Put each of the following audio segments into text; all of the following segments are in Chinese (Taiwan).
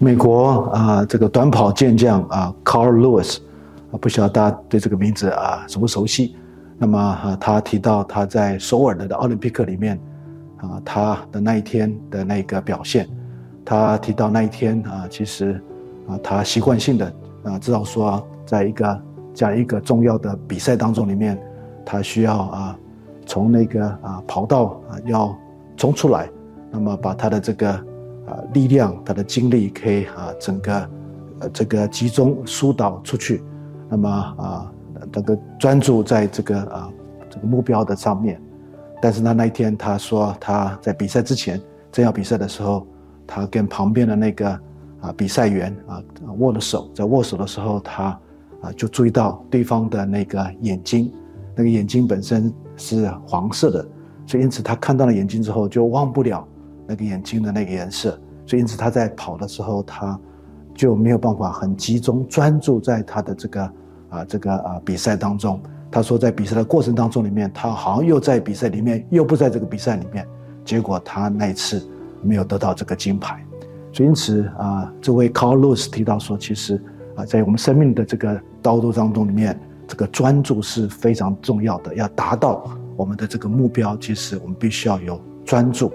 美國啊，這個短跑健將啊，Carl Lewis，啊，不曉得大家對這個名字啊熟不熟悉？那麼啊，他提到他在首爾的奧林匹克裡面啊，他的那一天的那個表現，他提到那一天啊，其實啊，他習慣性的啊，知道說在一個這樣一個重要的比賽當中裡面，他需要啊，從那個啊跑道啊要衝出來，那麼把他的這個。啊，力量，他的精力可以啊，整個，呃、啊，這個集中疏導出去，那麼啊，那、這個專注在這個啊，這個目標的上面。但是他那一天他說他在比賽之前正要比賽的時候，他跟旁邊的那個啊比賽員啊握了手，在握手的時候，他啊就注意到對方的那個眼睛，那個眼睛本身是黃色的，所以因此他看到了眼睛之後就忘不了。那個眼睛的那個顏色，所以因此他在跑的時候，他就沒有辦法很集中專注在他的這個啊、呃、這個啊、呃、比賽當中。他說，在比賽的過程當中裡面，他好像又在比賽裡面，又不在這個比賽裡面。結果他那一次沒有得到這個金牌。所以因此啊、呃，這位 Carl Lewis 提到說，其實啊、呃，在我們生命的這個道路當中裡面，這個專注是非常重要的。要達到我們的這個目標，其實我們必須要有專注。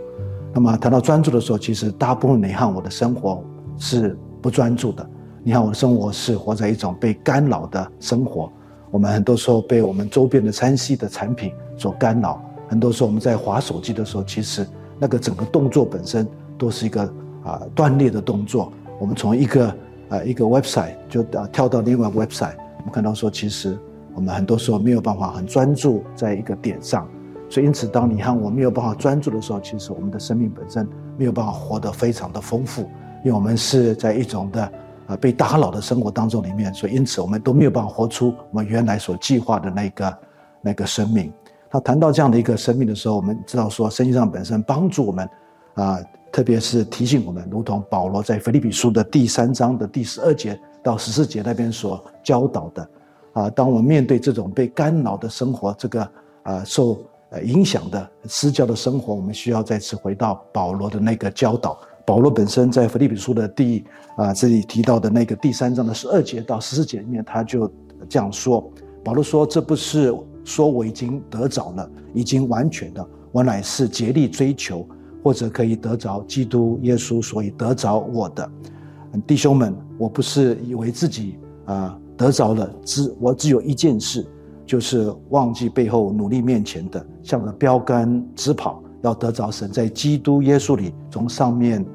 那麼談到專注的時候，其實大部分你看我的生活是不專注的。你看我的生活是活在一種被干擾的生活。我們很多時候被我們周邊的 3C 的產品所干擾。很多時候我們在滑手機的時候，其實那個整個動作本身都是一個啊、呃、斷裂的動作。我們從一個呃一個 website 就、呃、跳到另外 website，我們看到說其實我們很多時候沒有辦法很專注在一個點上。所以，因此，當你看我沒有辦法專注的時候，其實我們的生命本身沒有辦法活得非常的豐富，因為我們是在一種的，呃，被打擾的生活當中裡面。所以，因此，我們都沒有辦法活出我們原來所計劃的那個那個生命。那談到這樣的一個生命的時候，我們知道說，聖經本身幫助我們，啊、呃，特別是提醒我們，如同保羅在腓立比書的第三章的第十二節到十四節那邊所教導的，啊、呃，當我們面對這種被干擾的生活，這個啊、呃，受。影響的私教的生活，我們需要再次回到保羅的那個教導。保羅本身在腓立比書的第啊這裡提到的那個第三章的十二節到十四節裡面，他就這樣說：保羅說，這不是說我已經得着了，已經完全的，我乃是竭力追求，或者可以得着基督耶穌，所以得着我的弟兄們，我不是以為自己啊得着了，只我只有一件事。就是忘記背後努力面前的，向著標杆直跑，要得着神在基督耶穌裡從上面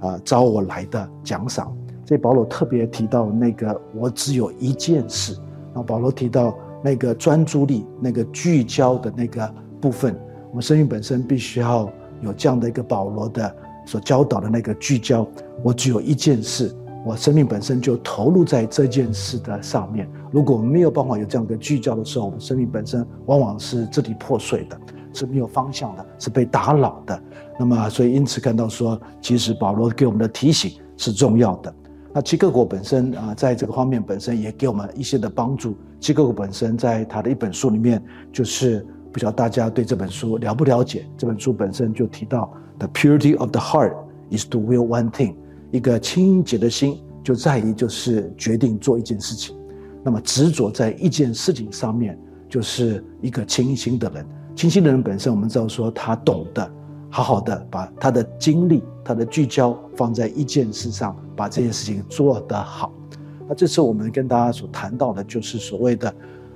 啊招、呃、我來的獎賞。這保羅特別提到那個我只有一件事，那保羅提到那個專注力、那個聚焦的那個部分。我們生命本身必須要有這樣的一個保羅的所教導的那個聚焦，我只有一件事。我生命本身就投入在這件事的上面。如果我們沒有辦法有這樣的聚焦的時候，我們生命本身往往是支離破碎的，是沒有方向的，是被打擾的。那麼，所以因此看到說，其實保羅給我們的提醒是重要的。那齊克果本身啊、呃，在這個方面本身也給我們一些的幫助。齊克果本身在他的一本書裡面，就是不知道大家對這本書了不了解。這本書本身就提到，The purity of the heart is to will one thing。一個清潔的心，就在於就是決定做一件事情，那麼執着在一件事情上面，就是一個清心的人。清心的人本身，我們知道說他懂得好好的把他的精力、他的聚焦放在一件事上，把這件事情做得好。那這次我們跟大家所談到的，就是所謂的，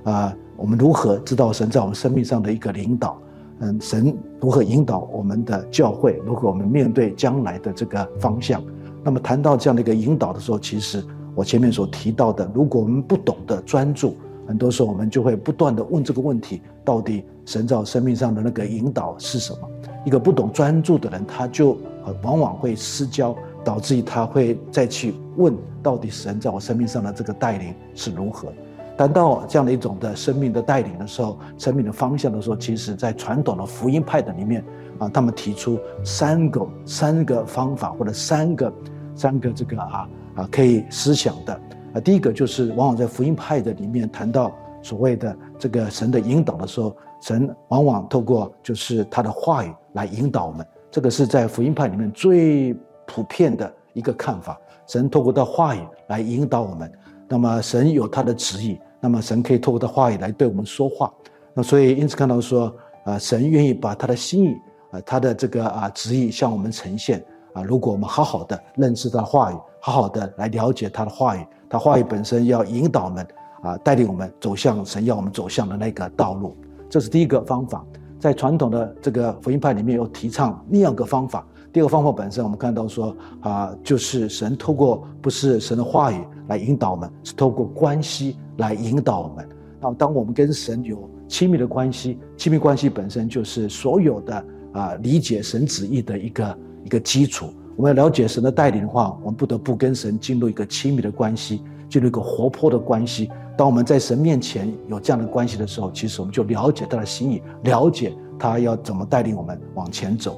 啊、呃，我們如何知道神在我們生命上的一個領導？嗯、呃，神如何引導我們的教會？如何我們面對將來的這個方向？那麼談到這樣的一個引導的時候，其實我前面所提到的，如果我們不懂得專注，很多時候我們就會不斷地問這個問題：到底神在我生命上的那個引導是什麼？一個不懂專注的人，他就很往往會失焦，導致於他會再去問：到底神在我生命上的這個帶領是如何？談到這樣的一種的生命的帶領的時候，生命的方向的時候，其實在傳統的福音派的裡面，啊，他們提出三個三個方法或者三個三個這個啊啊可以思想的，啊，第一個就是往往在福音派的裡面談到所謂的這個神的引導的時候，神往往透過就是他的話語來引導我們，這個是在福音派裡面最普遍的一個看法，神透過的話語來引導我們，那麼神有他的旨意。那麼神可以透過的話語來對我們說話，那所以因此看到說，啊、呃、神願意把他的心意，啊他的這個啊旨意向我們呈現，啊、呃、如果我們好好的認識他的話語，好好的來了解他的話語，他話語本身要引導我們，啊、呃、帶領我們走向神要我們走向的那個道路，這是第一個方法。在傳統的這個福音派裡面，又提倡另一個方法。第二個方法本身，我們看到說啊、呃，就是神透過不是神的話語來引導我們，是透過關係來引導我們。那當我們跟神有親密的關係，親密關係本身就是所有的啊、呃、理解神旨意的一個一個基礎。我們要了解神的帶領的話，我們不得不跟神進入一個親密的關係，進入一個活潑的關係。當我們在神面前有這樣的關係的時候，其實我們就了解他的心意，了解他要怎麼帶領我們往前走。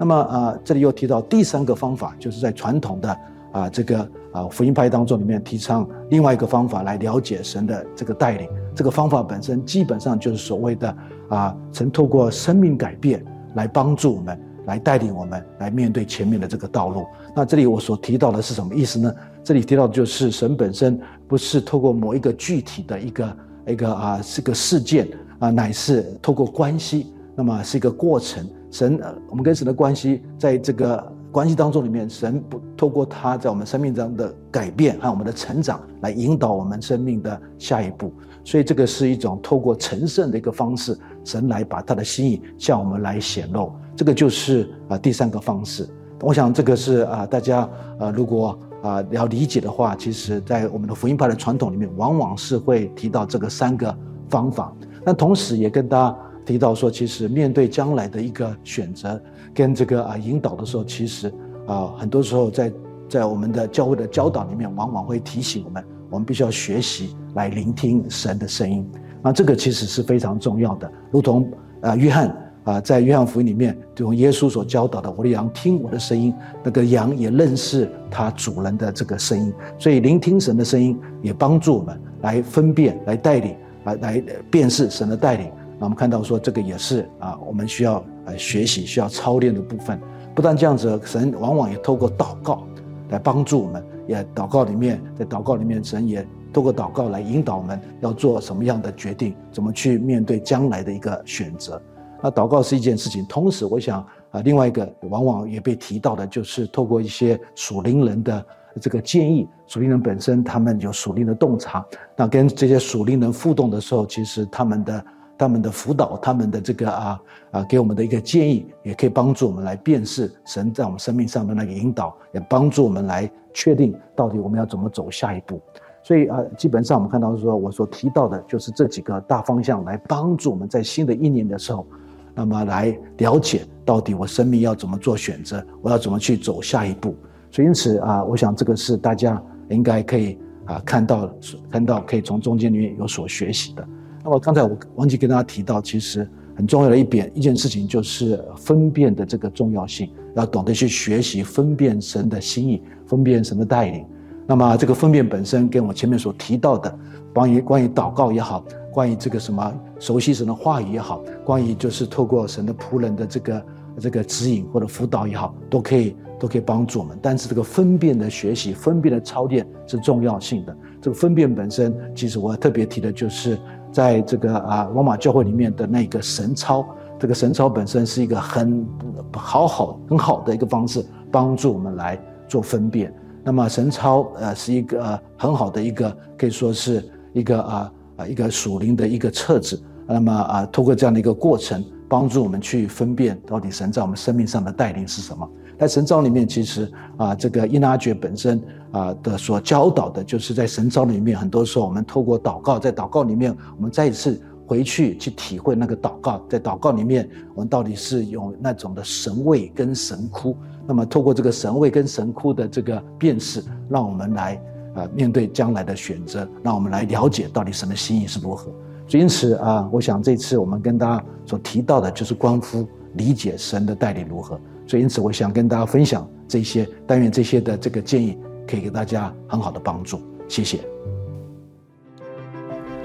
那麼啊，這裡又提到第三個方法，就是在傳統的啊這個啊福音派當中，裡面提倡另外一個方法來了解神的這個帶領。這個方法本身基本上就是所謂的啊，曾透過生命改變來幫助我們，來帶領我們來面對前面的這個道路。那這裡我所提到的是什麼意思呢？這裡提到的就是神本身不是透過某一個具體的一個一個啊是個事件啊，乃是透過關係，那麼是一個過程。神，我們跟神的關係，在這個關係當中裡面，神不透過他在我們生命中的改變和我們的成長來引導我們生命的下一步，所以這個是一種透過成聖的一個方式，神來把他的心意向我們來顯露，這個就是啊第三個方式。我想這個是啊大家啊如果啊要理解的話，其實在我們的福音派的傳統裡面，往往是會提到這個三個方法，那同時也跟大家。提到說，其實面對將來的一個選擇跟這個啊引導的時候，其實啊很多時候在在我們的教會的教導裡面，往往會提醒我們，我們必須要學習來聆聽神的聲音。那這個其實是非常重要的。如同啊約翰啊在約翰福音裡面，用耶穌所教導的：“我的羊聽我的聲音，那個羊也認識他主人的這個聲音。”所以聆聽神的聲音，也幫助我們來分辨、來帶領、來來辨識神的帶領。那我們看到說，這個也是啊，我們需要呃學習、需要操練的部分。不但這樣子，神往往也透過禱告來幫助我們。也禱告裡面，在禱告裡面，神也透過禱告來引導我們要做什麼樣的決定，怎麼去面對將來的一個選擇。那禱告是一件事情。同時，我想啊，另外一個往往也被提到的，就是透過一些屬靈人的這個建議，屬靈人本身他們有屬靈的洞察。那跟這些屬靈人互動的時候，其實他們的。他們的輔導，他們的這個啊啊，給我們的一個建議，也可以幫助我們來辨識神在我們生命上的那個引導，也幫助我們來確定到底我們要怎麼走下一步。所以啊，基本上我們看到說，我所提到的就是這幾個大方向，來幫助我們在新的一年的時候，那麼來了解到底我生命要怎麼做選擇，我要怎麼去走下一步。所以因此啊，我想這個是大家應該可以啊看到看到可以從中間裡面有所學習的。那麼剛才我忘記跟大家提到，其實很重要的一點，一件事情就是分辨的這個重要性，要懂得去學習分辨神的心意，分辨神的帶領。那麼這個分辨本身，跟我前面所提到的，關於關於禱告也好，關於這個什麼熟悉神的話語也好，關於就是透過神的僕人的這個這個指引或者輔導也好，都可以都可以幫助我們。但是這個分辨的學習，分辨的操練是重要性的。這個分辨本身，其實我特別提的就是。在這個啊，羅馬教會裡面的那個神操，這個神操本身是一個很好好很好的一個方式，幫助我們來做分辨。那麼神操呃是一個、呃、很好的一個，可以說是一個啊啊、呃、一個屬靈的一個冊子。那麼啊，通、呃、過這樣的一個過程，幫助我們去分辨到底神在我們生命上的帶領是什麼。在神操裡面，其實啊，這個依納爵本身啊的所教導的，就是在神操裡面，很多時候我們透過禱告，在禱告裡面，我們再一次回去去體會那個禱告，在禱告裡面，我們到底是有那種的神慰跟神枯。那麼，透過這個神慰跟神枯的這個辨識，讓我們來啊面對將來的選擇，讓我們來了解到底神的心意是如何。所以，因此啊，我想這次我們跟大家所提到的，就是關乎理解神的帶領如何。所以，因此我想跟大家分享這些，但願這些的這個建議可以給大家很好的幫助。謝謝。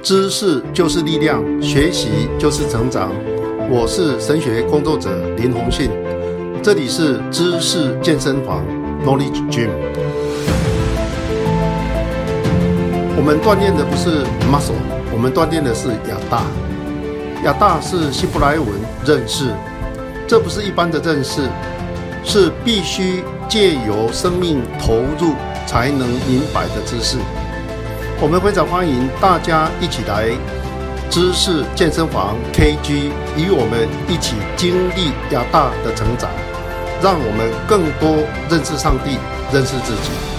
知識就是力量，學習就是成長。我是神學工作者林鴻信，這裡是知識健身房 （Knowledge Gym）。我們鍛鍊的不是 muscle，我們鍛鍊的是亞大。亞大是希伯來文認識，這不是一般的認識。是必須借由生命投入才能明白的知識。我們非常歡迎大家一起來知識健身房 KG，與我們一起經歷較大的成長，讓我們更多認識上帝，認識自己。